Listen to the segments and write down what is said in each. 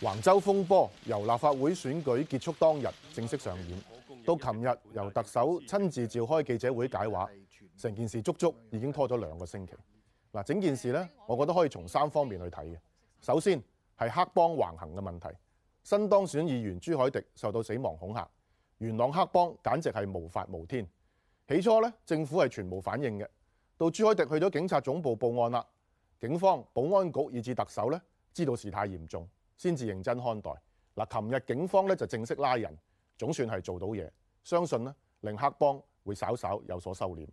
橫洲風波由立法會選舉結束當日正式上演，到琴日由特首親自召開記者會解話，成件事足足已經拖咗兩個星期。嗱，整件事呢，我覺得可以從三方面去睇嘅。首先係黑幫橫行嘅問題，新當選議員朱凱迪受到死亡恐吓，元朗黑幫簡直係無法無天。起初呢，政府係全無反應嘅，到朱凱迪去咗警察總部報案啦，警方、保安局以至特首呢，知道事態嚴重。先至認真看待嗱。琴日警方咧就正式拉人，總算係做到嘢，相信呢，令黑幫會稍稍有所收斂。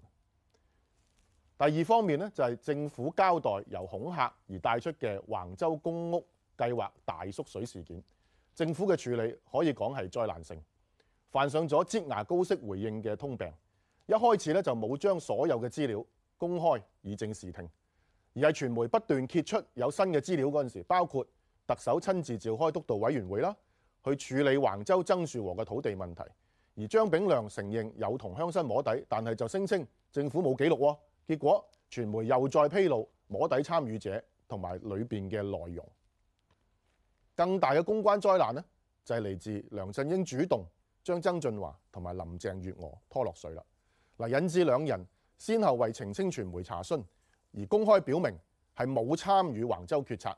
第二方面呢，就係政府交代由恐嚇而帶出嘅橫州公屋計劃大縮水事件，政府嘅處理可以講係災難性，犯上咗擠牙膏式回應嘅通病。一開始呢，就冇將所有嘅資料公開以正視聽，而係傳媒不斷揭出有新嘅資料嗰陣時，包括。特首親自召開督導委員會啦，去處理橫州曾樹和嘅土地問題。而張炳良承認有同鄉紳摸底，但係就聲稱政府冇記錄。結果傳媒又再披露摸底參與者同埋裏邊嘅內容。更大嘅公關災難呢，就係嚟自梁振英主動將曾俊華同埋林鄭月娥拖落水啦。嗱，引致兩人先後為澄清傳媒查詢，而公開表明係冇參與橫州決策。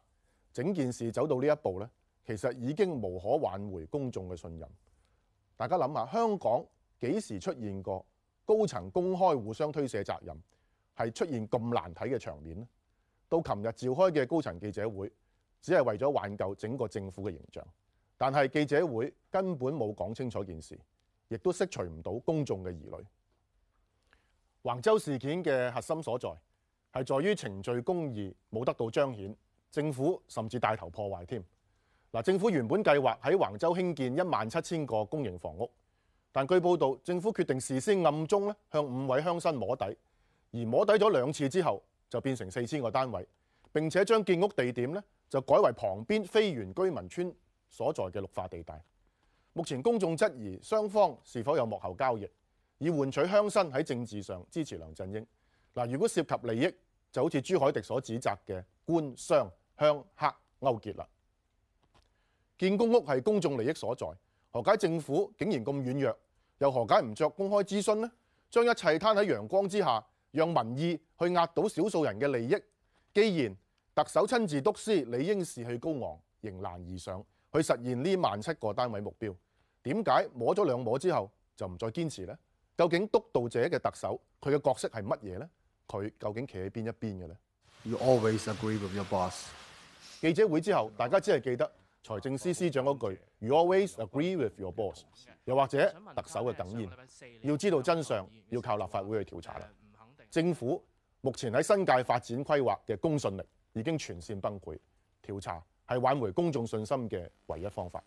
整件事走到呢一步呢，其實已經無可挽回公眾嘅信任。大家諗下，香港幾時出現過高層公開互相推卸責任，係出現咁難睇嘅場面呢？到琴日召開嘅高層記者會，只係為咗挽救整個政府嘅形象，但係記者會根本冇講清楚件事，亦都釋除唔到公眾嘅疑慮。橫洲事件嘅核心所在係在於程序公義冇得到彰顯。政府甚至帶頭破壞添。嗱，政府原本計劃喺橫州興建一萬七千個公營房屋，但據報道，政府決定事先暗中咧向五位鄉紳摸底，而摸底咗兩次之後，就變成四千個單位，並且將建屋地點呢就改為旁邊非原居民村所在嘅綠化地帶。目前公眾質疑雙方是否有幕後交易，以換取鄉紳喺政治上支持梁振英。嗱，如果涉及利益，就好似朱海迪所指責嘅官商鄉黑勾結啦，建公屋係公眾利益所在，何解政府竟然咁軟弱？又何解唔着公開諮詢呢？將一切攤喺陽光之下，讓民意去壓倒少數人嘅利益。既然特首親自督師，理應士氣高昂迎難而上，去實現呢萬七個單位目標。點解摸咗兩摸之後就唔再堅持呢？究竟督導者嘅特首佢嘅角色係乜嘢呢？佢究竟企喺邊一邊嘅咧？You always agree with your boss。記者會之後，大家只係記得財政司司長嗰句：You always agree with your boss。又或者特首嘅哽咽，要知道真相要靠立法會去調查啦。政府目前喺新界發展規劃嘅公信力已經全線崩潰，調查係挽回公眾信心嘅唯一方法。